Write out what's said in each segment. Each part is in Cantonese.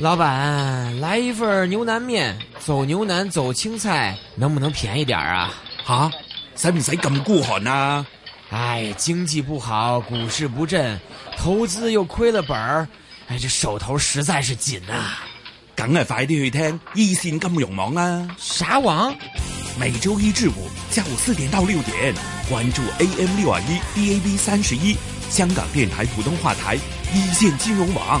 老闆，來一份牛腩麵，走牛腩，走青菜，能不能便宜點啊？哈、啊，使唔使咁孤寒啊？哎，經濟不好，股市不振，投資又虧了本兒，哎，這手頭實在是緊呐、啊。梗係快啲去聽一線金融網啊！啥網？每周一至五下午四點到六點，關注 AM 六二一 DAB 三十一香港電台普通話台一線金融網。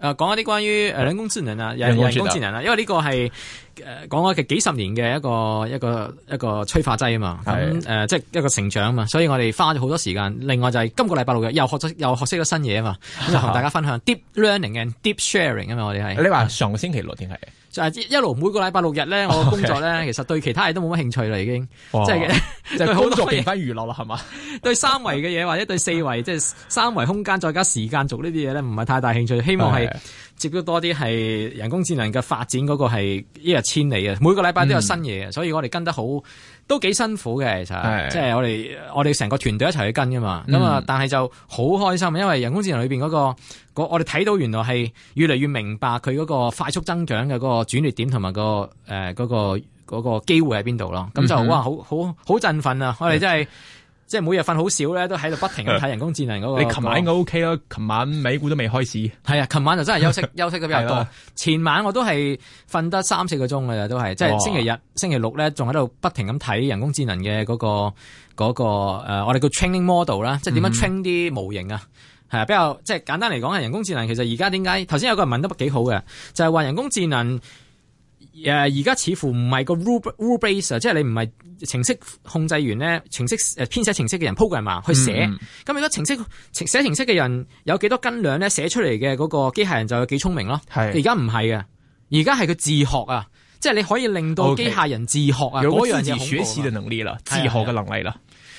誒，講一啲關於誒人工智能啊，人工智能啊，因為呢個係誒講咗幾十年嘅一個一個一個催化劑啊嘛，咁誒、嗯呃、即係一個成長啊嘛，所以我哋花咗好多時間。另外就係今個禮拜六日又學咗又學識咗新嘢啊嘛，就 同大家分享 deep learning and deep sharing 啊嘛，我哋係你話上個星期六定係？就係一路每個禮拜六日咧，我嘅工作咧，其實對其他嘢都冇乜興趣啦、oh,，okay. 已經，即係就好、係、 多變翻娛樂啦，係嘛？對三維嘅嘢 或者對四維，即 係三維空間再加時間軸呢啲嘢咧，唔係太大興趣，希望係。 接觸多啲係人工智能嘅發展嗰個係一日千里啊！每個禮拜都有新嘢、嗯，所以我哋跟得好都幾辛苦嘅，其實即係、就是、我哋我哋成個團隊一齊去跟噶嘛。咁、嗯、啊，但係就好開心，因為人工智能裏面嗰、嗰個我哋睇到原來係越嚟越明白佢嗰個快速增長嘅嗰個轉捩點同埋、嗰個誒嗰、呃嗰個嗰、嗰個嗰個機會喺邊度咯。咁就哇好好好振奮啊！我哋真係～、嗯即係每日瞓好少咧，都喺度不停咁睇人工智能嗰個嗰個。你琴晚應該 OK 咯，琴晚美股都未開始。係啊，琴晚就真係休息休息比較多。前晚我都係瞓得三四個鐘嘅，都係即係星期日、哦、星期六咧，仲喺度不停咁睇人工智能嘅嗰個嗰個誒、呃，我哋叫 training model 啦，即係點樣 training 啲模型啊？係啊，比較即係簡單嚟講係人工智能。其實而家點解頭先有個人問得幾好嘅，就係話人工智能。誒，而家似乎唔係個 rule base 啊，即係你唔係程式控制員咧，程式誒編寫程式嘅人鋪個密碼去寫，咁而家程式寫程式嘅人有幾多斤兩咧？寫出嚟嘅嗰個機械人就有幾聰明咯。係而家唔係嘅，而家係佢自學啊，即係你可以令到機械人自學啊、okay,，有啲自學嘅能力啦，自學嘅能力啦，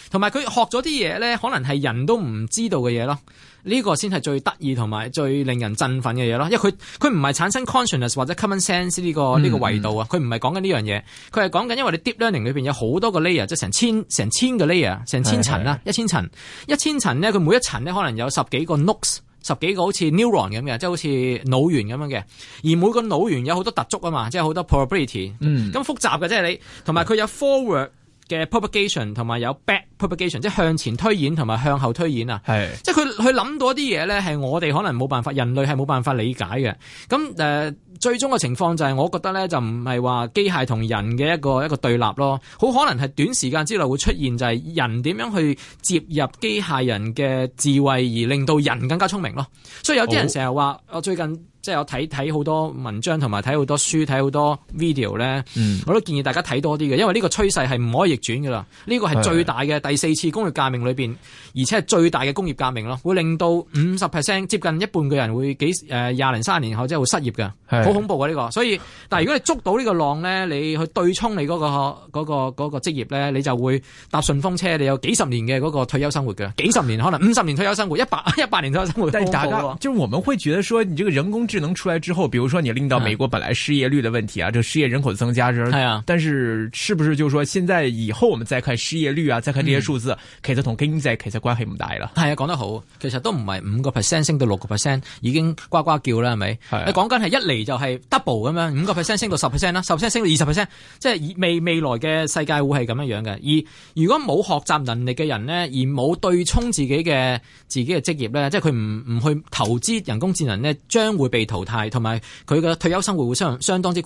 同埋佢學咗啲嘢咧，可能係人都唔知道嘅嘢咯。呢、這個先係最得意同埋最令人振奮嘅嘢咯，因為佢佢唔係產生 consciousness 或者 common sense 呢、這個呢、嗯這個維度啊，佢唔係講緊呢樣嘢，佢係講緊因為你 deep learning 裏邊有好多個 layer，即成千成千個 layer，成千層啦、嗯，一千層，一千層咧，佢每一層咧可能有十幾個 nooks，十幾個好似 neuron 咁嘅，即係好似腦元咁樣嘅，而每個腦元有好多突觸啊嘛，即係好多 probability，咁、嗯、複雜嘅，即係你同埋佢有 forward。嘅 propagation 同埋有 back propagation，即向前推演同埋向後推演啊，即係佢佢諗到一啲嘢咧，係我哋可能冇辦法，人類係冇辦法理解嘅。咁誒、呃、最終嘅情況就係我覺得咧，就唔係話機械同人嘅一個一個對立咯，好可能係短時間之內會出現，就係人點樣去接入機械人嘅智慧而令到人更加聰明咯。所以有啲人成日話，我最近。即係我睇睇好多文章同埋睇好多書睇好多 video 咧、嗯，我都建議大家睇多啲嘅，因為呢個趨勢係唔可以逆轉嘅啦。呢、呢個係最大嘅第四次工業革命裏邊，而且係最大嘅工業革命咯，會令到五十 percent 接近一半嘅人會幾誒廿零三年後即係會失業嘅，好恐怖啊呢、呢個！所以，但係如果你捉到呢個浪咧，你去對沖你嗰、嗰個嗰、嗰個嗰、嗰個嗰個、職業咧，你就會搭順風車，你有幾十年嘅嗰個退休生活嘅，幾十年可能五十年退休生活，一百一百年退休生活即好恐怖。就我們會覺得說，你這個人工智能出來之後，比如說你令到美國本來失業率的問題啊，就失業人口增加咗，但係、啊，但是是不是就說現在以後我們再看失業率啊，再看啲數字、嗯、其實同經濟其實關係唔大啦。係啊，講得好，其實都唔係五個 percent 升到六個 percent 已經呱呱叫啦，係咪、啊？你講緊係一嚟就係 double 咁樣，五個 percent 升到十 percent 啦，十 percent 升到二十 percent，即係未未來嘅世界會係咁樣樣嘅。而如果冇學習能力嘅人呢，而冇對沖自己嘅自己嘅職業呢，即係佢唔唔去投資人工智能呢，將會被被淘汰，同埋佢嘅退休生活會相相當之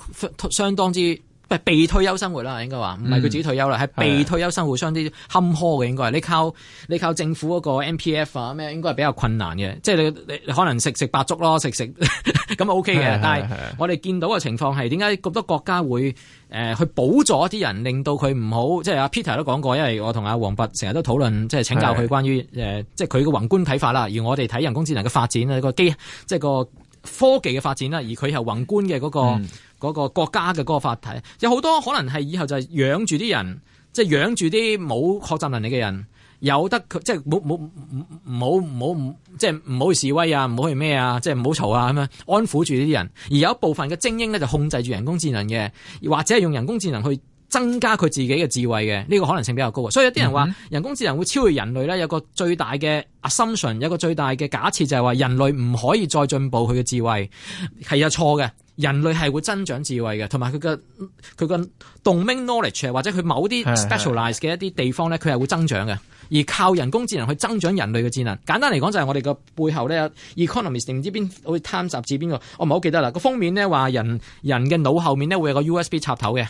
相當之，唔係被退休生活啦，應該話唔係佢自己退休啦，係、嗯、被退休生活相當坎坷嘅，應該係你靠你靠政府嗰個 MPF 啊咩，應該係比較困難嘅，即係你你可能食食白粥咯，食食咁啊 OK 嘅。但係我哋見到嘅情況係點解咁多國家會誒、呃、去補助一啲人，令到佢唔好，即係阿 Peter 都講過，因為我同阿黃伯成日都討論，即係請教佢關於誒，即係佢嘅宏觀睇法啦。而我哋睇人工智能嘅發展個機即係個。科技嘅發展啦，而佢又宏觀嘅嗰、嗰個嗰個、嗯、國家嘅嗰個法體，有好多可能係以後就係養住啲人，即係養住啲冇學習能力嘅人，有得即係冇冇冇冇即係唔好示威啊，唔好去咩啊，即係唔好嘈啊，咁樣安撫住呢啲人，而有一部分嘅精英咧就控制住人工智能嘅，或者係用人工智能去。增加佢自己嘅智慧嘅呢個可能性比較高啊，所以有啲人話人工智能會超越人類咧，有個最大嘅 assumption，有個最大嘅假設就係話人類唔可以再進步佢嘅智慧，係有錯嘅。人類係會增長智慧嘅，同埋佢嘅佢嘅 domain knowledge 或者佢某啲 specialized 嘅一啲地方咧，佢係會增長嘅。而靠人工智能去增長人類嘅智能，簡單嚟講就係我哋嘅背後咧，economist 定唔知邊會貪雜誌邊個，我唔係好記得啦。個封面咧話人人嘅腦後面咧會有個 USB 插頭嘅，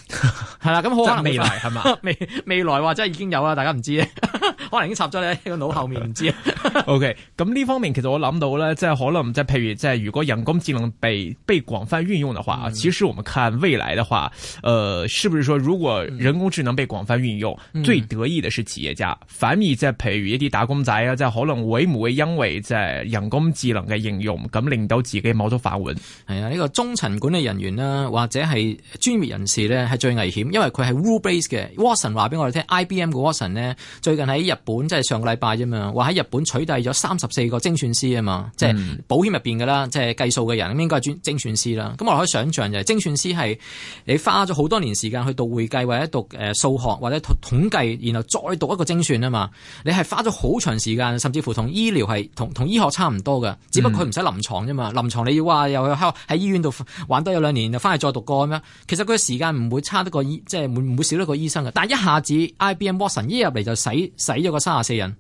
係啦。咁可能未來係嘛？ 未未來話真係已經有啦，大家唔知。可能已經插咗喺你個腦後面，唔知。O K，咁呢方面其實我諗到咧，即係可能即係譬如即係如果人工智能被被廣泛運用嘅話啊、嗯，其實我們看未來嘅話，呃，是不是說如果人工智能被廣泛運用，嗯、最得意嘅是企業家，嗯、反而即係譬如一啲打工仔啊，即係可能會唔會因為即係人工智能嘅應用，咁令到自己冇咗飯碗？係啊，呢個中層管理人員啦，或者係專業人士咧，係最危險，因為佢係 blue base 嘅。Watson 話俾我哋聽，I B M 嘅 Watson 呢，最近喺日本。日本即係上個禮拜啫嘛，話喺日本取代咗三十四個精算師啊嘛，即、嗯、係、就是、保險入邊噶啦，即、就、係、是、計數嘅人應該係專精算師啦。咁我可以想象就係、是、精算師係你花咗好多年時間去讀會計或者讀誒數學或者統計，然後再讀一個精算啊嘛。你係花咗好長時間，甚至乎同醫療係同同醫學差唔多嘅，只不過佢唔使臨床啫嘛、嗯。臨床你要話又喺喺醫院度玩得有兩年就翻去再讀過咁樣。其實佢時間唔會差得過醫，即係唔會少得過醫生嘅。但係一下子 IBM Watson 一入嚟就使。洗咗。那個三十四人，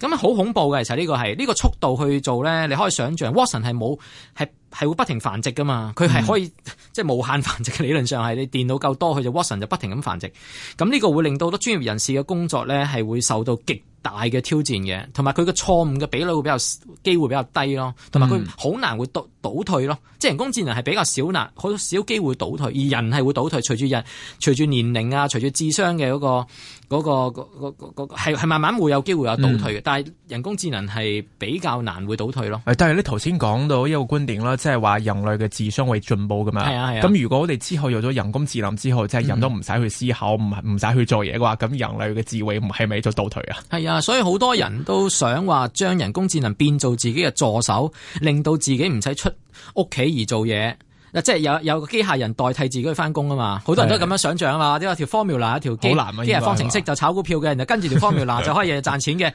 咁好恐怖嘅。其實呢個係呢個速度去做咧，你可以想象，Watson 係冇係？係會不停繁殖噶嘛？佢係可以、嗯、即係無限繁殖嘅，理論上係你電腦夠多，佢就 Watson 就不停咁繁殖。咁呢個會令到好多專業人士嘅工作咧係會受到極大嘅挑戰嘅，同埋佢嘅錯誤嘅比率會比較機會比較低咯，同埋佢好難會倒倒退咯、嗯。即係人工智能係比較少難，好少機會倒退，而人係會倒退，隨住人隨住年齡啊，隨住智商嘅嗰、那個嗰、那個嗰嗰嗰係係慢慢會有機會有倒退嘅、嗯，但係人工智能係比較難會倒退咯。但係你頭先講到一個觀點啦。即係話人類嘅智商會進步噶嘛？係啊係啊。咁、啊、如果我哋之後有咗人工智能之後，即、就、係、是、人都唔使去思考，唔唔使去做嘢嘅話，咁人類嘅智慧係咪就倒退啊？係啊，所以好多人都想話將人工智能變做自己嘅助手，令到自己唔使出屋企而做嘢。即係有有個機械人代替自己去返工啊嘛。好多人都咁樣想象啊嘛。呢個條 formula，條幾難嘅方程式就炒股票嘅，人就跟住條 formula 就可以嘢賺錢嘅。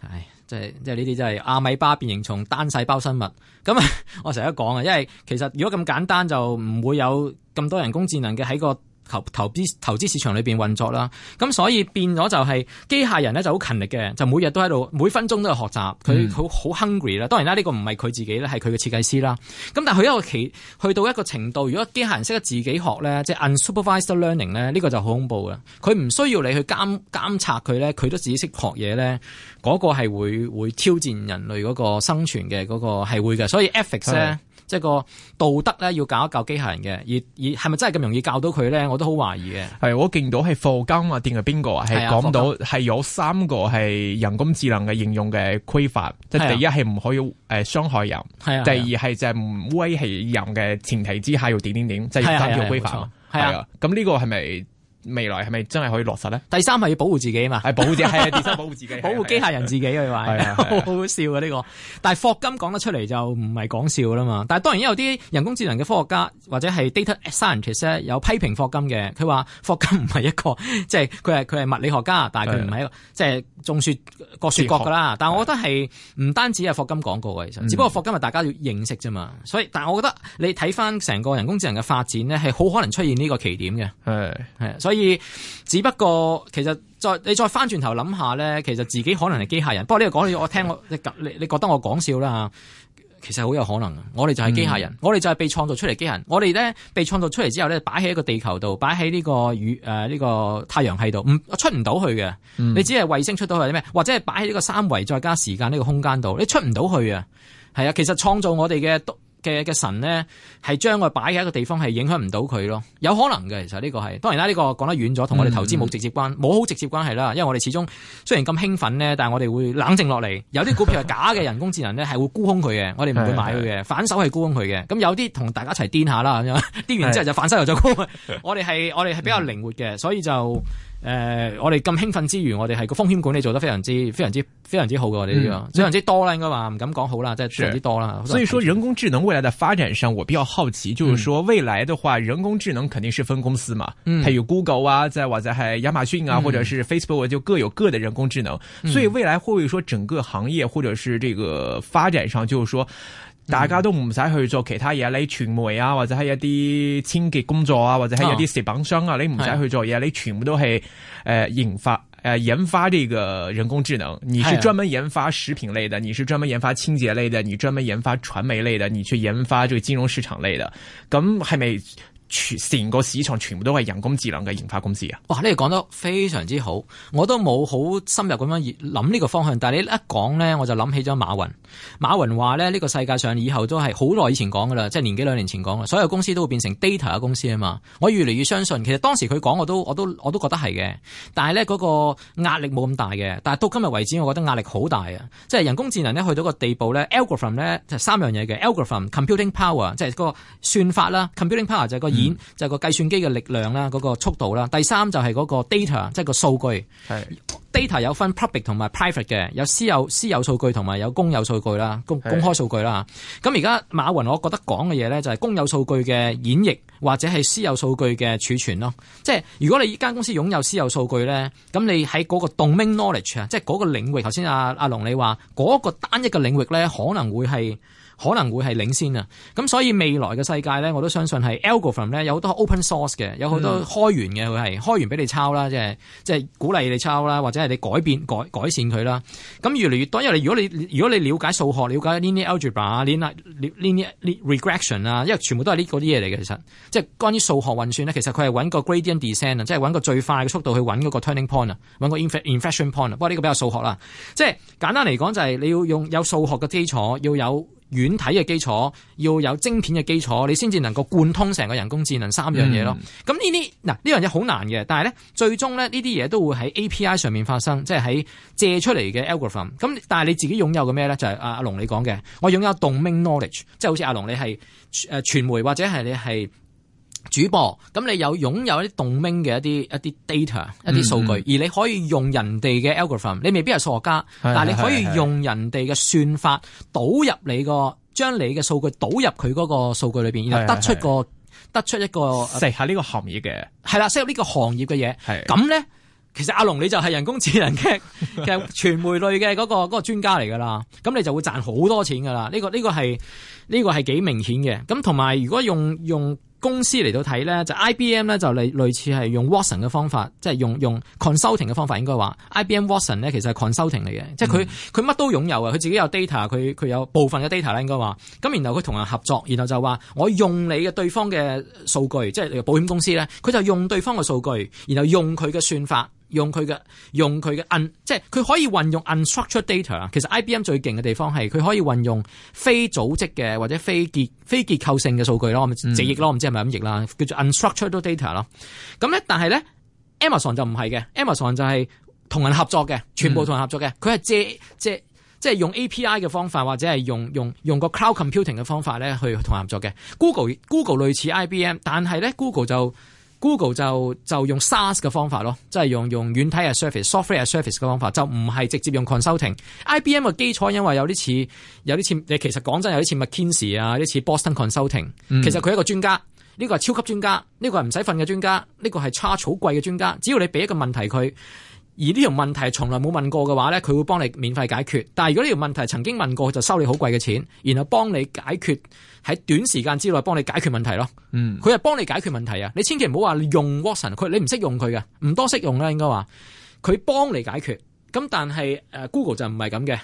係。 即係即係呢啲即係阿米巴變形蟲單細胞生物，咁啊我成日都講啊，因為其實如果咁簡單就唔會有咁多人工智能嘅喺個，投投資投資市場裏面運作啦，咁所以變咗就係機械人咧，就好勤力嘅，就每日都喺度，每分鐘都喺度學習，佢好好 hungry 啦。當然啦，呢個唔係佢自己咧，係佢嘅設計師啦。咁但係佢一個其去到一個程度，如果機械人識得自己學咧，即係 unsupervised learning 咧，呢個就好恐怖嘅。佢唔需要你去監監察佢咧，佢都自己識學嘢咧，嗰個係會會挑戰人類嗰個生存嘅嗰個係會嘅，所以 ethics 咧。即係個道德咧，要教一教機械人嘅，而而係咪真係咁容易教到佢咧？我都好懷疑嘅。係我見到係霍金啊，定係邊個啊？係講到，係有三個係人工智能嘅應用嘅規範，即係第一係唔可以誒傷害人，係啊，第二係就係唔威脅人嘅前提之下要點點點，即係要參照規範，係、就、啊、是。咁呢個係咪？未來係咪真係可以落實咧？第三係要保護自己嘛？係保護啲，係第三保護自己， 保護機 械人自己啊嘛？好 好笑啊呢、呢個！但係霍金講得出嚟就唔係講笑啦嘛。但係當然有啲人工智能嘅科學家或者係 data scientist 有批評霍金嘅。佢話霍金唔係一個即係佢係佢係物理學家，但係佢唔係一個即係眾說各說各噶啦。但係我覺得係唔單止係霍金講過嘅，其實只不過霍金係大家要認識啫嘛。所以，嗯、但係我覺得你睇翻成個人工智能嘅發展咧，係好可能出現呢個奇點嘅。係，所以。所以，只不過其實再你再返轉頭諗下咧，其實自己可能係機械人。不過呢個講我聽我你你覺得我講笑啦吓，其實好有可能。我哋就係機械人,、嗯、械人，我哋就係被創造出嚟機械人。我哋咧被創造出嚟之後咧，擺喺一個地球度，擺喺呢個宇誒呢、呃這個太陽系度，唔出唔到去嘅。嗯、你只係衛星出到去咩？或者係擺喺呢個三維再加時間呢個空間度，你出唔到去啊？係啊，其實創造我哋嘅。嘅嘅神咧，係將佢擺喺一個地方，係影響唔到佢咯。有可能嘅，其實呢個係當然啦。呢個講得遠咗，同我哋投資冇直接關係，冇、嗯、好直接關係啦。因為我哋始終雖然咁興奮咧，但係我哋會冷靜落嚟。有啲股票係假嘅人工智能咧，係 會沽空佢嘅，我哋唔會買佢嘅，是是，反手係沽空佢嘅。咁有啲同大家一齊癲下啦，咁樣癲完之後就反手又再沽，是是，我。我哋係我哋係比較靈活嘅，所以就。誒、呃，我哋咁興奮之餘，我哋係個風險管理做得非常之、非常之、非常之好嘅，哋啲啊，非常之多啦，應該話唔敢講好啦，即係非常之多啦。所以說人工智能未來嘅發展上，我比較好奇，就是說未來嘅話，人工智能肯定是分公司嘛，嗯、譬如 Google 啊，在或者係亞馬遜啊，或者是 Facebook 就各有各的人工智能，嗯、所以未來會唔會說整個行業或者是這個發展上，就是說。嗯、大家都唔使去做其他嘢，你傳媒啊，或者係一啲清潔工作啊，或者係一啲食品商啊，哦、你唔使去做嘢，你全部都係誒、呃、研發誒、呃、研發呢個人工智能。你是專門研發食品類嘅，是的你是專門研發清潔類嘅，你專門研發傳媒類嘅，你去研發這個金融市場類嘅，咁係咪？全成個市場全部都係人工智能嘅研發公司啊！哇，你哋講得非常之好，我都冇好深入咁樣諗呢個方向。但係你一講咧，我就諗起咗馬雲。馬雲話咧，呢、呢個世界上以後都係好耐以前講噶啦，即係年幾兩年前講嘅，所有公司都會變成 data 嘅公司啊嘛。我越嚟越相信，其實當時佢講我都我都我都覺得係嘅。但係咧嗰個壓力冇咁大嘅。但係到今日為止，我覺得壓力好大啊！即係人工智能咧去到個地步咧，algorithm 咧就係、三樣嘢嘅 algorithm computing power、computing power，即係、嗰個算法啦，computing power 就係個。演、嗯、就係、是、個計算機嘅力量啦，嗰、那個速度啦。第三就係嗰個 data，即係個數據。係 data 有分 public 同埋 private 嘅，有私有私有數據同埋有公有數據啦，公公開數據啦。咁而家馬雲，我覺得講嘅嘢咧，就係公有數據嘅演繹，或者係私有數據嘅儲存咯。即係如果你依間公司擁有私有數據咧，咁你喺嗰個 domain knowledge 啊，即係嗰個領域。頭先阿阿龍你話嗰、那個單一嘅領域咧，可能會係。可能會係領先啊！咁所以未來嘅世界咧，我都相信係 algorithm 咧有好多 open source 嘅，有好多開源嘅，佢係開源俾你抄啦，即係即係鼓勵你抄啦，或者係你改變改改善佢啦。咁越嚟越多，因為如果你如果你瞭解數學，瞭解 linear algebra 啊，linear linear regression 啊，因為全部都係呢嗰啲嘢嚟嘅，其實即係關於數學運算咧，其實佢係揾個 gradient descent 啊，即係揾個最快嘅速度去揾嗰個 turning point 啊，揾個 inflection point 啊。不過呢個比較數學啦，即係簡單嚟講就係、是、你要用有數學嘅基礎要有。軟體嘅基礎要有晶片嘅基礎，你先至能夠貫通成個人工智能三樣嘢咯。咁呢啲嗱呢樣嘢好難嘅，但係咧最終咧呢啲嘢都會喺 API 上面發生，即係喺借出嚟嘅 algorithm。咁但係你自己擁有嘅咩咧？就係、是、阿阿龍你講嘅，我擁有 domain knowledge，即係好似阿龍你係誒傳媒或者係你係。主播咁你有擁有一啲動明嘅一啲一啲 data 一啲數據、嗯，而你可以用人哋嘅 algorithm，你未必係數學家，但係你可以用人哋嘅算法，倒入你個將你嘅數據倒入佢嗰個數據裏面，然後得出個得出一個，係喺呢個行業嘅，係啦，適合呢個行業嘅嘢。咁咧，其實阿龍你就係人工智能嘅嘅 傳媒類嘅嗰個嗰個專家嚟噶啦，咁你就會賺好多錢噶啦。呢個呢個係。呢個係幾明顯嘅，咁同埋如果用用公司嚟到睇咧，就 IBM 咧就類似係用 Watson 嘅方法，即係用用 consulting 嘅方法應該話，IBM Watson 咧其實係 consulting 嚟嘅，嗯，即係佢佢乜都擁有啊，佢自己有 data，佢佢有部分嘅 data 咧應該話，咁然後佢同人合作，然後就話我用你嘅對方嘅數據，即係你嘅保險公司咧，佢就用對方嘅數據，然後用佢嘅算法。用佢嘅用佢嘅 un 即係佢可以運用 unstructured data 啊！其實 IBM 最勁嘅地方係佢可以運用非組織嘅或者非結非結構性嘅數據咯，我、嗯、咪直譯咯，唔知係咪咁譯啦，叫做 unstructured data 咯。咁咧，但係咧，Amazon 就唔係嘅，Amazon 就係同人合作嘅，全部同人合作嘅，佢、嗯、係借借，借即係用 API 嘅方法或者係用用用個 cloud computing 嘅方法咧去同人合作嘅。Google Google 類似 IBM，但係咧 Google 就。Google 就就用 SaaS 嘅方法咯，即係用用軟體 as service、software as service 嘅方法，就唔係直接用 consulting。IBM 嘅基礎因為有啲似有啲似，你其實講真有啲似 McKinsey 啊，有啲似 Boston Consulting、嗯。其實佢係一個專家，呢個係超級專家，呢個係唔使瞓嘅專家，呢個係 charge 好貴嘅專家。只要你俾一個問題佢。而呢條問題從來冇問過嘅話咧，佢會幫你免費解決。但係如果呢條問題曾經問過，佢就收你好貴嘅錢，然後幫你解決，喺短時間之內幫你解決問題咯。嗯，佢係幫你解決問題啊！你千祈唔好話用 Watson，佢你唔識用佢嘅，唔多識用啦應該話。佢幫你解決。咁但係誒 Google 就唔係咁嘅，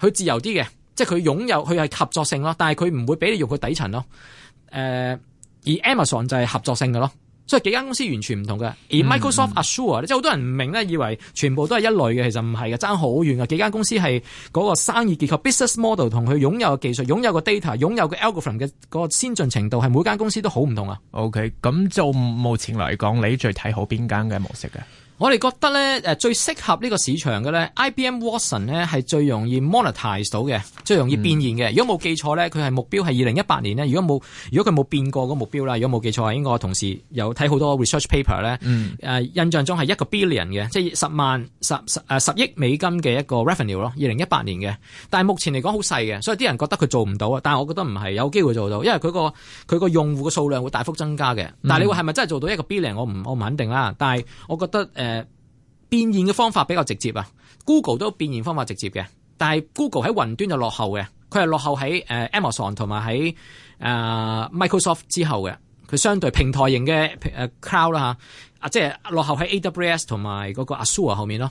佢自由啲嘅，即係佢擁有佢係合作性咯，但係佢唔會俾你用佢底層咯。誒，而 Amazon 就係合作性嘅咯。所以幾間公司完全唔同嘅，而 Microsoft Azure、嗯、Azure，即係好多人唔明咧，以為全部都係一類嘅，其實唔係嘅，爭好遠嘅。幾間公司係嗰個生意結構、business model 同佢擁有嘅技術、擁有嘅 data、擁有嘅 algorithm 嘅嗰個先進程度，係每間公司都好唔同啊。OK，咁就目前嚟講，你最睇好邊間嘅模式嘅？我哋覺得咧，誒最適合呢個市場嘅咧，IBM Watson 咧係最容易 monetize 到嘅，最容易變現嘅、嗯。如果冇記錯咧，佢係目標係二零一八年咧。如果冇，如果佢冇變過個目標啦。如果冇記錯，應該我同事有睇好多 research paper 咧、嗯啊，印象中係一個 billion 嘅，即係十萬十十誒十億美金嘅一個 revenue 咯，二零一八年嘅。但係目前嚟講好細嘅，所以啲人覺得佢做唔到啊。但係我覺得唔係有機會做到，因為佢個佢個用戶嘅數量會大幅增加嘅。但係你話係咪真係做到一個 billion，我唔我唔肯定啦。但係我覺得、呃誒、呃，變現嘅方法比較直接啊，Google 都變現方法直接嘅，但係 Google 喺雲端就落後嘅，佢係落後喺誒、呃、Amazon 同埋喺誒 Microsoft 之後嘅，佢相對平台型嘅誒 Cloud 啦、啊、吓，啊即係落後喺 AWS 同埋個 Azure 後面咯。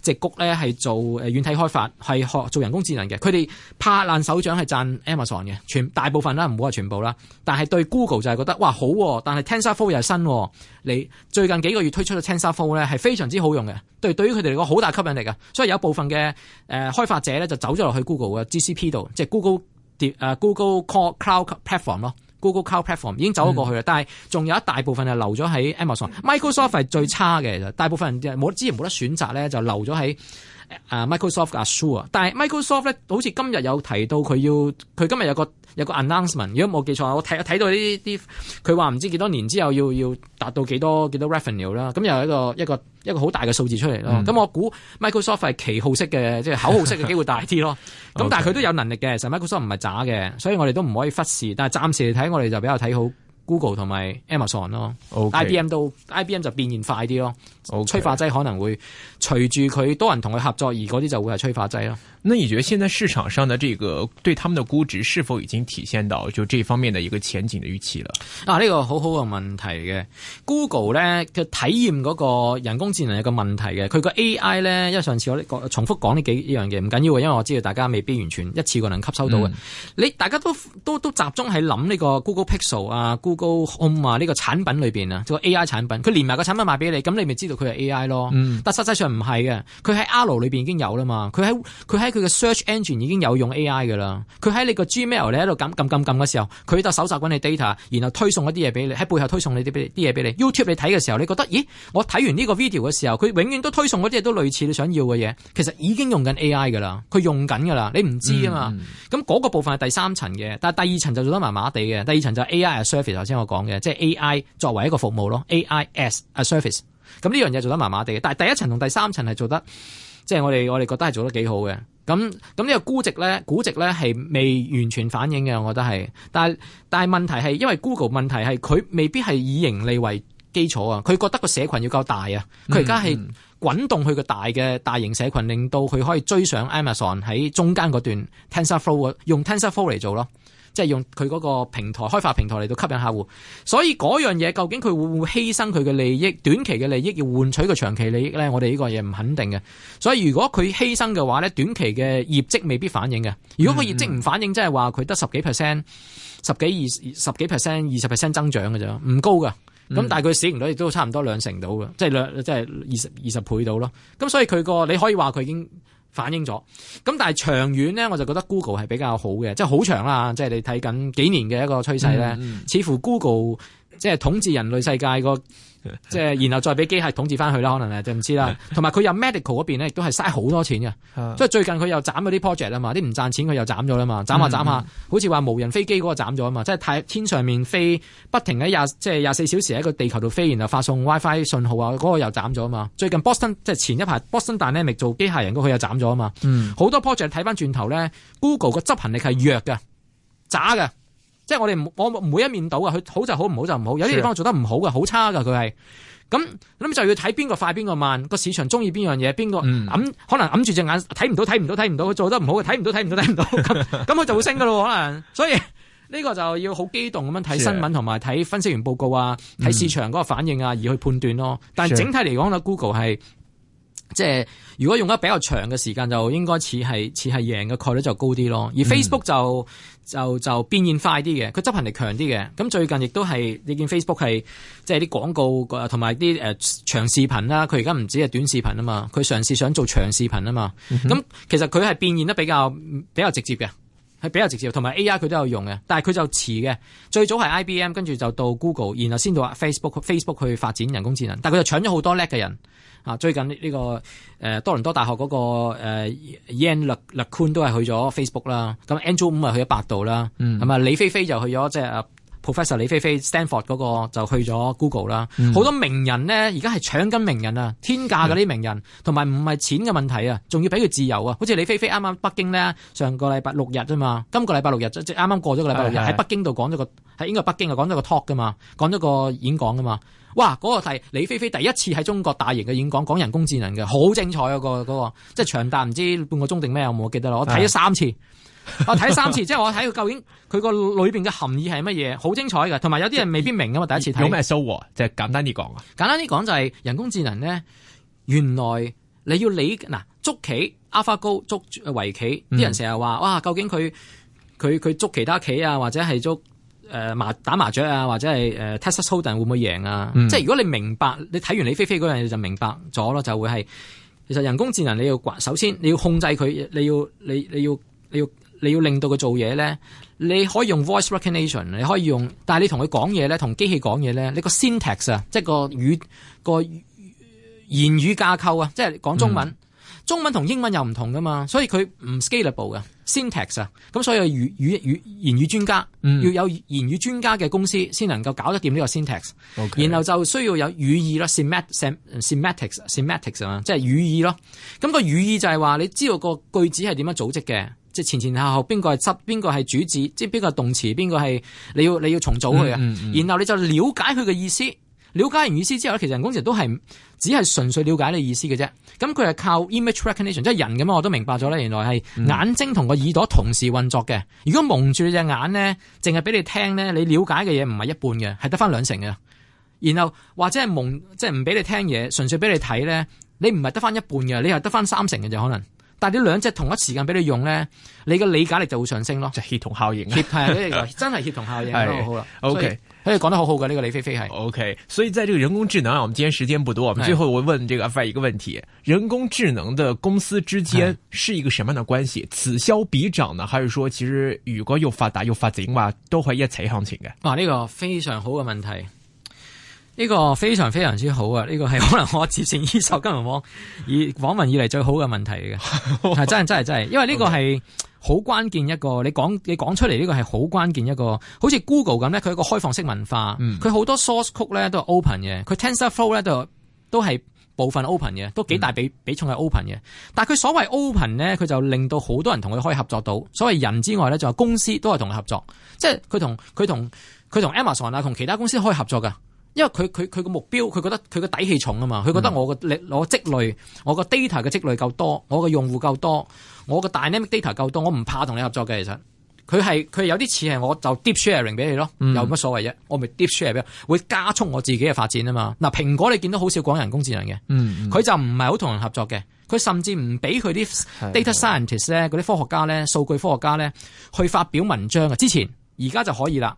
直谷咧係做誒軟體開發，係學做人工智能嘅。佢哋拍爛手掌係讚 Amazon 嘅，全大部分啦，唔好話全部啦。但係對 Google 就係覺得哇好、啊，但係 TensorFlow 又新新、啊。你最近幾個月推出嘅 TensorFlow 咧係非常之好用嘅，對對於佢哋嚟講好大吸引力啊。所以有部分嘅誒、呃、開發者咧就走咗落去 Google 嘅 GCP 度、啊，即係 Google 跌 Google Cloud Platform 咯。Google Cloud Platform 已經走咗過去啦，嗯、但係仲有一大部分係留咗喺 Amazon、Microsoft 係最差嘅，其實大部分人冇之前冇得選擇咧，就留咗喺 Microsoft 嘅 Azure 啊，但係 Microsoft 咧，好似今日有提到佢要，佢今日有個有個 announcement，如果冇記錯，我睇睇到呢啲，佢話唔知幾多年之後要要達到幾多幾多 revenue 啦，咁又有一個一個一個好大嘅數字出嚟囉。咁、嗯、我估 Microsoft 係旗號式嘅，即、就、係、是、口號式嘅機會大啲咯，咁 但係佢都有能力嘅，其實 Microsoft 唔係渣嘅，所以我哋都唔可以忽視，但係暫時嚟睇我哋就比較睇好。Google 同埋 Amazon 咯、okay.，IBM 都，IBM 就變現快啲咯。Okay. 催化劑可能會隨住佢多人同佢合作，而嗰啲就會係催化劑咯。那你覺得現在市場上的這個對他們的估值，是否已經體現到就這方面的一個前景的預期了？啊，呢個好好嘅問題嘅 Google 咧，佢體驗嗰個人工智能有一個問題嘅，佢個 AI 咧，因為上次我重複講呢幾樣樣嘢唔緊要嘅，因為我知道大家未必完全一次過能吸收到嘅、嗯。你大家都都都集中喺諗呢個 Google Pixel 啊，Google 高控啊！呢、這個產品裏邊啊，做、就是、AI 產品，佢連埋個產品賣俾你，咁你咪知道佢係 AI 咯、嗯。但實際上唔係嘅，佢喺 a l o 裏邊已經有啦嘛。佢喺佢喺佢嘅 search engine 已經有用 AI 嘅啦。佢喺你個 gmail 你喺度撳撳撳撳嘅時候，佢就搜集緊你 data，然後推送一啲嘢俾你，喺背後推送你啲嘢俾你。YouTube 你睇嘅時候，你覺得咦？我睇完呢個 video 嘅時候，佢永遠都推送嗰啲嘢都類似你想要嘅嘢，其實已經用緊 AI 嘅啦，佢用緊嘅啦，你唔知啊嘛。咁、嗯、嗰、那個部分係第三層嘅，但係第二層就做得麻麻地嘅。第二層就係 AI service 聽我講嘅，即係 AI 作為一個服務咯，AI as a service。咁呢樣嘢做得麻麻地，但係第一層同第三層係做得，即係我哋我哋覺得係做得幾好嘅。咁咁呢個估值咧，估值咧係未完全反映嘅，我覺得係。但係但係問題係，因為 Google 問題係佢未必係以盈利為基礎啊。佢覺得個社群要夠大啊。佢而家係滾動佢個大嘅大型社群，令到佢可以追上 Amazon 喺中間嗰段 TensorFlow 用 TensorFlow 嚟做咯。即係用佢嗰個平台開發平台嚟到吸引客戶，所以嗰樣嘢究竟佢會唔會犧牲佢嘅利益、短期嘅利益，要換取個長期利益咧？我哋呢個嘢唔肯定嘅。所以如果佢犧牲嘅話咧，短期嘅業績未必反映嘅。如果個業績唔反映，即係話佢得十幾 percent、十幾二十幾 percent、二十 percent 增長嘅啫，唔高噶。咁但係佢市盈率亦都差唔多兩成到嘅，即係兩即係二十二十倍到咯。咁所以佢個你可以話佢已經。反映咗。咁但係長遠咧，我就覺得 Google 係比較好嘅，即係好長啦，即係你睇緊幾年嘅一個趨勢咧，嗯嗯似乎 Google 即係統治人類世界個。即 係然後再俾機械統治翻去啦，可能誒就唔知啦。同埋佢有 medical 嗰邊咧，亦都係嘥好多錢嘅。所 以最近佢又斬咗啲 project 啊嘛，啲唔賺錢佢又斬咗啦嘛。斬下斬下， 好似話無人飛機嗰個斬咗啊嘛。即係太天上面飛不停喺廿即係廿四小時喺個地球度飛，然後發送 WiFi 信號啊，嗰、嗰個又斬咗啊嘛。最近 Boston 即係前一排 Boston Dynamics 做機械人佢又斬咗啊嘛。好 多 project 睇翻轉頭咧，Google 個執行力係弱嘅，渣嘅。即係我哋我，我每一面到啊，佢好就好，唔好就唔好。Sure. 有啲地方做得唔好㗎，好差噶，佢係。咁咁就要睇邊個快邊個慢，個市場中意邊樣嘢，邊個揞可能揞住隻眼睇唔到，睇唔到，睇唔到，佢做得唔好，睇唔到，睇唔到，睇唔到。咁佢就會升噶咯，可能。所以呢個就要好激動咁樣睇新聞同埋睇分析員報告啊，睇市場嗰個反應啊，mm. 而去判斷咯。但係整體嚟講啦，Google 係即係如果用得比較長嘅時間，就應該似係似係贏嘅概率就高啲咯。而 Facebook 就、嗯、就就，就變現快啲嘅，佢執行力強啲嘅。咁最近亦都係你見 Facebook 係即係啲廣告同埋啲誒長視頻啦，佢而家唔止係短視頻啊嘛，佢嘗試想做長視頻啊嘛。咁、嗯、其實佢係變現得比較比較直接嘅，係比較直接。同埋 AR 佢都有用嘅，但係佢就遲嘅。最早係 IBM，跟住就到 Google，然後先到 Facebook。Facebook 去發展人工智能，但係佢就搶咗好多叻嘅人。啊！最近呢、呢個個、呃、多倫多大學嗰、嗰個誒 Yann、呃、Le LeCun 都係去咗 Facebook 啦，咁 Andrew 五啊去咗百度啦，咁、嗯、啊李飛飛就去咗即係 Professor 李飛飛 Stanford 嗰個就去咗 Google 啦。好、嗯、多名人咧，而家係搶緊名人啊，天價嘅啲名人，同埋唔係錢嘅問題啊，仲要俾佢自由啊。好似李飛飛啱啱北京咧，上個禮拜六日啫嘛，今個禮拜六日即即啱啱過咗個禮拜六日喺北京度講咗個，喺應該係北京啊講咗個 talk 噶嘛，講咗個演講噶嘛。哇！嗰、那個題李飛飛第一次喺中國大型嘅演講，講人工智能嘅好精彩啊！那個嗰、那個即係長達唔知半個鐘定咩，我冇記得啦。我睇咗三次，哎、我睇咗三次， 即係我睇佢究竟佢個裏面嘅含義係乜嘢，好精彩㗎，同埋有啲人未必明啊嘛，第一次睇。有咩 show 啊？即、就、係、是、簡單啲講啊！簡單啲講就係人工智能咧，原來你要理嗱捉、啊、棋、AlphaGo 捉圍棋，啲、嗯、人成日話哇，究竟佢佢佢捉其他棋啊，或者係捉。誒麻打麻雀啊，或者係誒 Texas Holden 會唔會贏啊？嗯、即係如果你明白，你睇完李飛飛嗰樣嘢就明白咗咯，就會係其實人工智能你要首先你要控制佢，你要你你要你要你要，你要令到佢做嘢咧，你可以用 voice recognition，你可以用，但係你同佢講嘢咧，同機器講嘢咧，你個 syntax 啊，即係個語個言語架構啊，即係講中文。嗯中文同英文又唔同㗎嘛，所以佢唔 scalable 嘅 syntax 啊，咁所以有語語，語，語言語專家、嗯、要有言語專家嘅公司先能夠搞得掂呢個 syntax。Okay。然後就需要有語義咯，semantics semantics 啊，Semantic, Semantic, Semantic，即係語義咯。咁、那個語義就係話你知道個句子係點樣組織嘅，即係前前後後邊個係執邊個係主旨，即係邊個係動詞，邊個係你要你要重組佢啊、嗯嗯嗯，然後你就了解佢嘅意思。了解完意思之後咧，其實人工智能都係只係純粹了解你意思嘅啫。咁佢係靠 image recognition，即係人咁樣我都明白咗咧。原來係眼睛同個耳朵同時運作嘅。如果蒙住你隻眼咧，淨係俾你聽咧，你了解嘅嘢唔係一半嘅，係得翻兩成嘅。然後或者係蒙即係唔俾你聽嘢，純粹俾你睇咧，你唔係得翻一半嘅，你係得翻三成嘅就可能。但係你兩隻同一時間俾你用咧，你嘅理解力就會上升咯，就協同效應。協 同效應真係協同效應好啦。 OK。誒，講得好好㗎，呢個李飛飛係。O、okay, K，所以在這個人工智能啊，我們今天時間不多，我們最後我問這個阿菲一個問題：人工智能的公司之間是一個什麼樣的關係？此消彼長呢，還是說其實如果又發達又發展的話，都會一齊向前嘅？哇呢、這個非常好嘅問題，呢、這個非常非常之好啊！呢、這個係可能我接承伊手金融網以網民以嚟最好嘅問題嚟嘅，係 真係真係真係，因為呢個係。Okay. 好關鍵一個，你講你講出嚟呢個係好關鍵一個，好似 Google 咁咧，佢一個開放式文化，佢、嗯、好多 source code 咧都係 open 嘅，佢 TensorFlow 咧都都係部分 open 嘅，都幾大比、嗯、比重係 open 嘅。但係佢所謂 open 咧，佢就令到好多人同佢可以合作到。所謂人之外咧，就係公司都係同佢合作，即係佢同佢同佢同 Amazon 啊，同其他公司可以合作㗎。因為佢佢佢個目標，佢覺得佢個底氣重啊嘛，佢覺得我個力攞積累，我個 data 嘅積累夠多，我個用戶夠多，我個 dynamic data 夠多，我唔怕同你合作嘅其實，佢係佢有啲似係我就 deep sharing 俾你咯，嗯、有乜所謂啫？我咪 deep share 俾你，會加速我自己嘅發展啊嘛。嗱、啊，蘋果你見到好少講人工智能嘅，佢、嗯嗯、就唔係好同人合作嘅，佢甚至唔俾佢啲 data scientist 咧，嗰啲科學家咧，數據科學家咧去發表文章之前，而家就可以啦。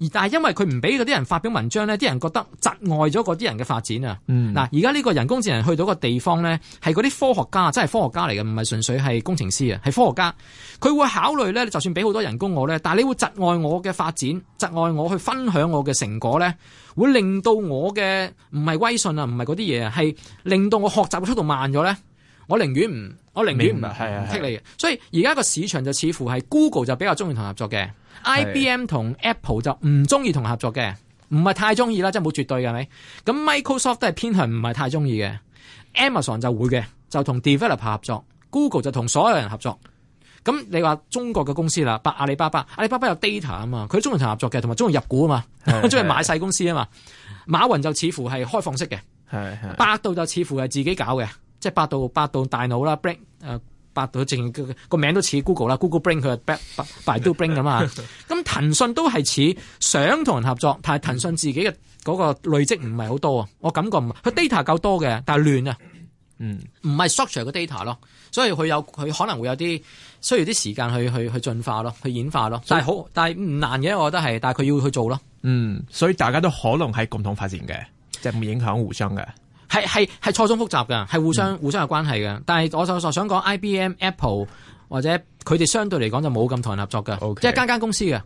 而但係因為佢唔俾嗰啲人發表文章咧，啲人覺得窒礙咗嗰啲人嘅發展啊。嗱、嗯，而家呢個人工智能去到個地方咧，係嗰啲科學家真係科學家嚟嘅，唔係純粹係工程師啊，係科學家。佢會考慮咧，就算俾好多人工我咧，但係你會窒礙我嘅發展，窒礙我去分享我嘅成果咧，會令到我嘅唔係威信啊，唔係嗰啲嘢啊，係令到我學習嘅速度慢咗咧。我寧願唔，我寧願唔剔你嘅。所以而家個市場就似乎係 Google 就比較中意同合作嘅。IBM 同 Apple 就唔中意同合作嘅，唔係太中意啦，即係冇絕對嘅，係咪咁 Microsoft 都係偏向唔係太中意嘅，Amazon 就會嘅，就同 developer 合作，Google 就同所有人合作。咁你話中國嘅公司啦，百阿里巴巴，阿里巴巴有 data 啊嘛，佢中意同合作嘅，同埋中意入股啊嘛，中意 買晒公司啊嘛。馬雲就似乎係開放式嘅，係係，百度就似乎係自己搞嘅，即係百度百度大腦啦 break 誒。啊百度正個名都似 Google 啦，Google Brain 佢嘅百百度 Brain 咁啊，咁 騰訊都係似想同人合作，但係騰訊自己嘅嗰個累積唔係好多啊，我感覺唔係佢 data 夠多嘅，但係亂啊，嗯，唔係 structure 個 data 咯，所以佢有佢可能會有啲需要啲時間去去去進化咯，去演化咯，但係好但係唔難嘅，我覺得係，但係佢要去做咯，嗯，所以大家都可能係共同發展嘅，即係唔影響互相嘅。係係係錯綜複雜，嘅，係互相、嗯、互相有關係，嘅，但係我就就想講 IBM、Apple 或者佢哋相對嚟講就冇咁同人合作嘅，即係間間公司嘅。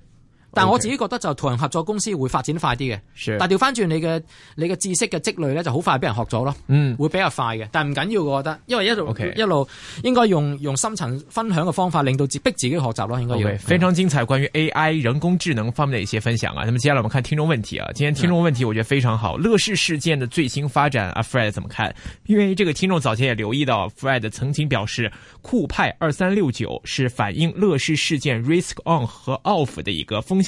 但我自己覺得就同人合作公司會發展快啲嘅，是，但調翻轉你嘅你嘅知識嘅積累咧，就好快俾人學咗咯，嗯，會比較快嘅。但唔緊要，我覺得，因為一路 okay, 一路應該用用深層分享嘅方法，令到自逼自己學習咯，應該會。Okay, 非常精彩，嗯。關於 AI 人工智能方面嘅一些分享啊，那麼接下來我們看聽眾問題啊。今天聽眾問題我覺得非常好。嗯、樂視事件的最新發展，Fred 怎麼看？因為這個聽眾早前也留意到，Fred 曾經表示酷派二三六九是反映樂視事件 risk on 和 off 的一個風險，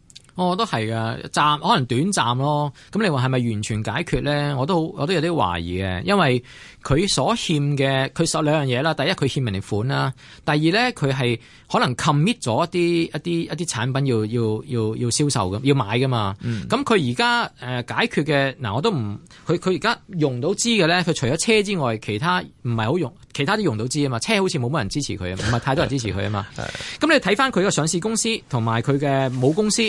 我、哦、都係㗎，暫可能短暫咯。咁你話係咪完全解決咧？我都好，我都有啲懷疑嘅，因為佢所欠嘅，佢所兩樣嘢啦。第一，佢欠人哋款啦；第二咧，佢係可能 commit 咗一啲一啲一啲產品要要要要銷售㗎，要買噶嘛。咁佢而家誒解決嘅嗱，我都唔佢佢而家用到資嘅咧，佢除咗車之外，其他唔係好用，其他都用到資啊嘛。車好似冇乜人支持佢啊，唔係太多人支持佢啊嘛。咁 你睇翻佢個上市公司同埋佢嘅母公司。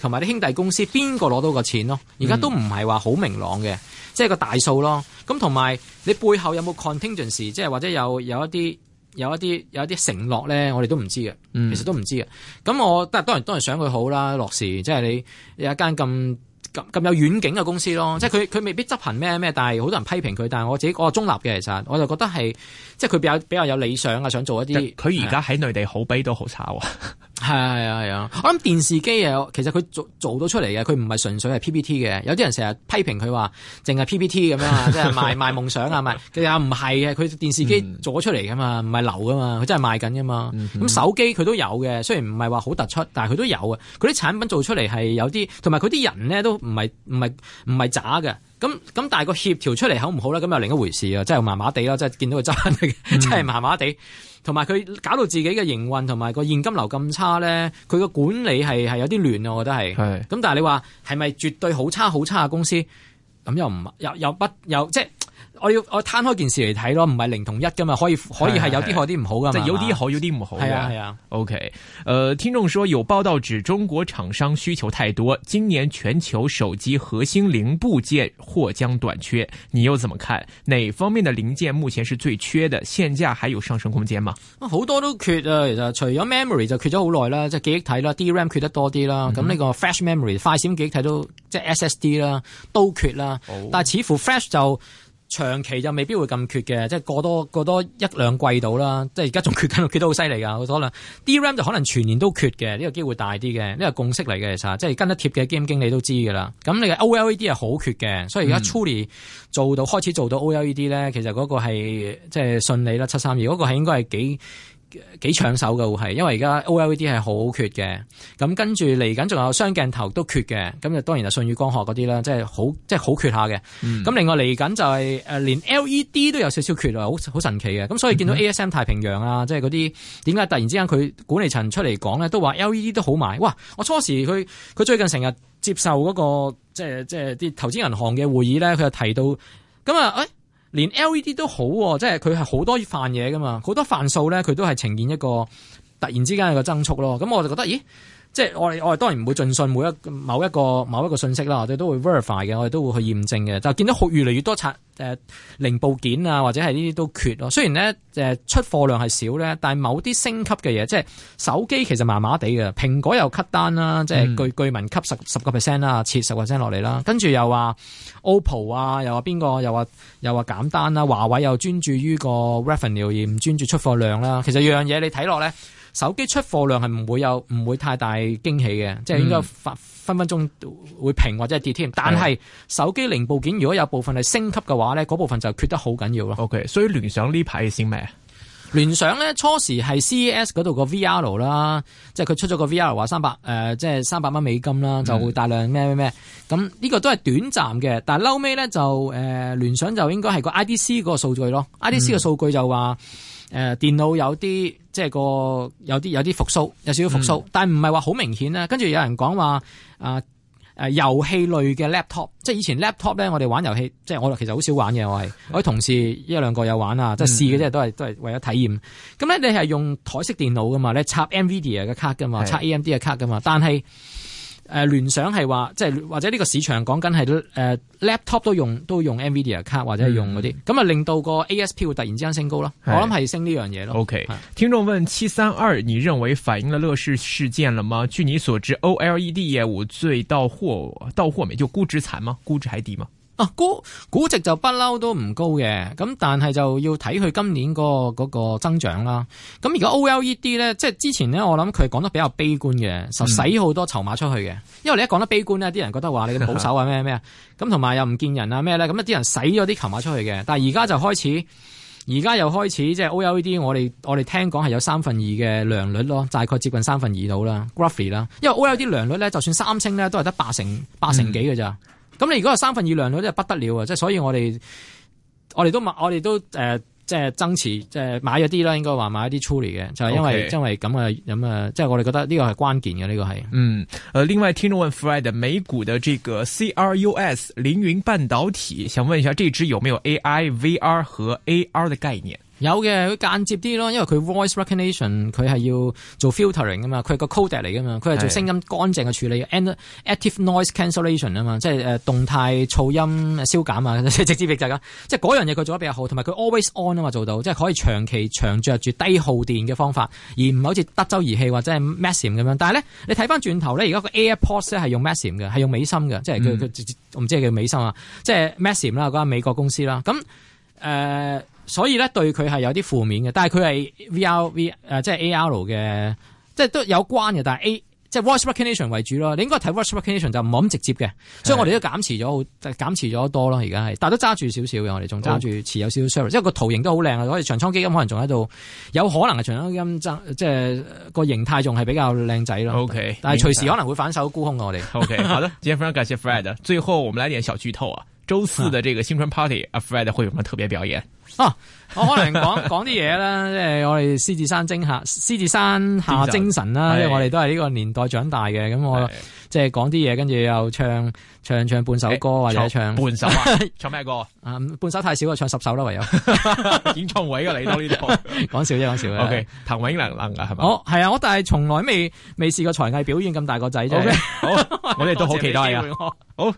同埋啲兄弟公司邊個攞到個錢咯？而家都唔係話好明朗嘅、嗯，即係個大數咯。咁同埋你背後有冇 contingency，即係或者有一有一啲有一啲有一啲承諾咧？我哋都唔知嘅，其實都唔知嘅。咁我都當然當然想佢好啦。樂視即係你有一間咁咁咁有遠景嘅公司咯、嗯。即係佢佢未必執行咩咩，但係好多人批評佢。但係我自己我中立嘅其實，我就覺得係即係佢比較比較有理想啊，想做一啲。佢而家喺內地好悲都好差啊。係啊，係啊，係啊，我諗電視機啊，其實佢做做到出嚟嘅，佢唔係純粹係 PPT 嘅。有啲人成日批評佢話淨係 PPT 咁樣啊，即係賣 賣夢想啊，賣其實唔係嘅。佢電視機做出嚟噶嘛，唔係流噶嘛，佢真係賣緊噶嘛。咁、嗯、手機佢都有嘅，雖然唔係話好突出，但係佢都有啊。佢啲產品做出嚟係有啲，同埋佢啲人咧都唔係唔係唔係渣嘅。咁咁，但係個協調出嚟好唔好咧？咁又另一回事啊，即係麻麻地啦，即係見到佢爭，即係麻麻地。同埋佢搞到自己嘅營運同埋個現金流咁差咧，佢個管理係係有啲亂啊，我覺得係。係。咁但係你話係咪絕對好差好差嘅公司？咁又唔又又不又，又，不又即係我要我攤開件事嚟睇咯，唔係零同一噶嘛，可以可以係有啲好有啲唔好噶，即係、啊、有啲好有啲唔好嘅。係啊係啊。OK，誒，聽眾說有報道指中國廠商需求太多，今年全球手機核心零部件或將短缺，你又怎麼看？哪方面的零件目前是最缺的？現價還有上升空間嗎？好多都缺啊，其實除咗 memory 就缺咗好耐啦，即、就、係、是、記憶體啦，DRAM 缺得多啲啦。咁、嗯、呢個 flash memory 快閃記憶體都即係 SSD 啦，都缺啦、哦。但似乎 flash 就。長期就未必會咁缺嘅，即係過多過多一兩季度啦。即係而家仲缺緊，缺得好犀利噶。佢啦 DRAM 就可能全年都缺嘅，呢、呢個機會大啲嘅，呢個共識嚟嘅其實。即係跟得貼嘅基金經理都知㗎啦。咁你嘅 OLED 係好缺嘅，所以而家 Truly 做到、嗯、開始做到 OLED 咧，其實嗰個係即係順利啦，七三二嗰個係應該係幾幾搶手噶，係因為而家 OLED 係好缺嘅，咁跟住嚟緊仲有雙鏡頭都缺嘅，咁就當然就舜宇光學嗰啲啦，即係好即係好缺下嘅。咁、嗯、另外嚟緊就係誒，連 LED 都有少少缺啊，好好神奇嘅。咁所以見到 ASM 太平洋啊、嗯，即係嗰啲點解突然之間佢管理層出嚟講咧，都話 LED 都好賣。哇！我初時佢佢最近成日接受嗰、嗰個即係即係啲投資銀行嘅會議咧，佢又提到咁啊，誒。欸連 LED 都好喎，即係佢係好多範嘢噶嘛，好多範數咧，佢都係呈現一個突然之間個增速咯。咁我就覺得咦～即、就、係、是、我哋，我哋當然唔會盡信每一某一個某一個信息啦，我哋都會 verify 嘅，我哋都會去驗證嘅。就見到好越嚟越多拆誒、呃、零部件啊，或者係呢啲都缺咯。雖然咧誒、呃、出貨量係少咧，但係某啲升級嘅嘢，即係手機其實麻麻地嘅。蘋果又 cut 單啦、嗯，即係據據聞 cut 十十個 percent 啦，切十個 percent 落嚟啦。跟住又話 OPPO 啊，又話邊個，又話又話減單啦。華為又專注於個 revenue 而唔專注出貨量啦。其實樣嘢你睇落咧。手機出貨量係唔會有唔會有太大驚喜嘅，即係應該分分分鐘會平或者係跌添。嗯、但係手機零部件如果有部分係升級嘅話咧，嗰部分就缺得好緊要咯。OK，所以聯想呢排係升咩啊？聯聯想咧初時係 CES 嗰度個 VR 啦，即係佢出咗個 VR 話三百誒，即係三百蚊美金啦，就會大量咩咩咩。咁、嗯、呢個都係短暫嘅，但係後尾咧就誒、呃、聯想就應該係個 IDC 個數據咯。嗯、IDC 嘅數據就話誒、呃、電腦有啲。即係個有啲有啲復甦，有少少復甦，嗯、但唔係話好明顯啦。跟住有人講話，誒、呃、誒遊戲類嘅 laptop，即係以前 laptop 咧，我哋玩遊戲，即係我其實好少玩嘅，我係我啲同事一兩個有玩啊，嗯、即係試嘅，即係都係都係為咗體驗。咁咧，你係用台式電腦噶嘛？你插 NVIDIA 嘅卡噶嘛？插 AMD 嘅卡噶嘛？但係。誒、呃，聯想係話，即係或者呢個市場講緊係，誒、呃、，Laptop 都用都用 Nvidia 卡或者用嗰啲，咁、嗯、啊令到個 ASP 會突然之間升高咯，我諗係升呢樣嘢咯。OK，聽眾問七三二，你認為反映了樂視事件了嗎？據你所知，OLED 業務最到貨到貨沒？就估值慘嗎？估值還低嗎？啊，估、估值就不嬲都唔高嘅，咁但係就要睇佢今年嗰個嗰個增長啦。咁而家 O L E D 咧，即係之前咧，我諗佢講得比較悲觀嘅、嗯，使好多籌碼出去嘅。因為你一講得悲觀咧，啲人覺得話你保守啊，咩咩啊，咁同埋又唔見人啊，咩咧，咁啲人使咗啲籌碼出去嘅。但係而家就開始，而家又開始即係、就是、O L E D，我哋我哋聽講係有三分二嘅良率咯，大概接近三分二度啦 g r a f f y 啦。因為 O L E D 良率咧，就算三星咧，都係得八成八成幾嘅咋。咁你如果係三分二兩嗰啲係不得了啊！即係所以我哋我哋都買我哋都誒即係爭持即係買咗啲啦，應該話買咗啲粗嚟嘅，就係、是、因為、okay. 因為咁啊咁啊，即係我哋覺得呢個係關鍵嘅呢個係。嗯，誒、就是這個嗯呃，另外聽眾問 Fred 美股的這個 CRUS 凌雲半導體，想問一下這支有沒有 AI VR 和 AR 的概念？有嘅，佢間接啲咯，因為佢 voice recognition 佢係要做 filtering 啊嘛，佢係個 codec 嚟噶嘛，佢係做聲音乾淨嘅處理，and active noise cancellation 啊嘛，即係誒動態噪音消減啊，即係直接描述啦。即係嗰樣嘢佢做得比較好，同埋佢 always on 啊嘛，做到即係可以長期長着住低耗電嘅方法，而唔係好似德州儀器或者係 Maxim 咁樣。但係咧，你睇翻轉頭咧，而家個 AirPods 咧係用 Maxim 嘅，係用美心嘅，即係佢佢唔知係叫美心啊，即係 Maxim 啦，嗰間美國公司啦，咁、那個呃所以咧對佢係有啲負面嘅，但係佢係 V R V 誒，即係 A R 嘅，即係都有關嘅。但係 A 即係 Work Vacation 為主咯。你應該睇 Work Vacation 就唔係咁直接嘅，所以我哋都減持咗，減持咗多咯。而家係，但係都揸住少少嘅，我哋仲揸住持有少少 share。因為個圖形都好靚啊，所以長倉基金可能仲喺度，有可能係長倉基金即係個形態仲係比較靚仔咯。O、okay, K，但係隨時可能會反手沽空嘅，okay, 我哋 O K。Okay, 好啦，今天非常感謝 Fred。 最後我哋嚟點小劇透啊，周四嘅這個新春 party，阿、 啊、Fred 會有什麼特別表演？哦、啊，我可能講講啲嘢啦，即係 我哋獅子山精下，獅子山下精神啦，即係、就是、我哋都係呢個年代長大嘅，咁我即係講啲嘢，跟住又唱唱唱半首歌或者唱半首啊， 唱咩歌啊？半首太少啊，唱十首啦，唯有演唱會噶嚟到呢度，講笑啫，講笑嘅。O K，譚詠麟能噶係咪？哦，係啊，我、 嗯啊 okay, 但係從來未未試過才藝表演咁大個仔啫。O K，好，我哋都好期待好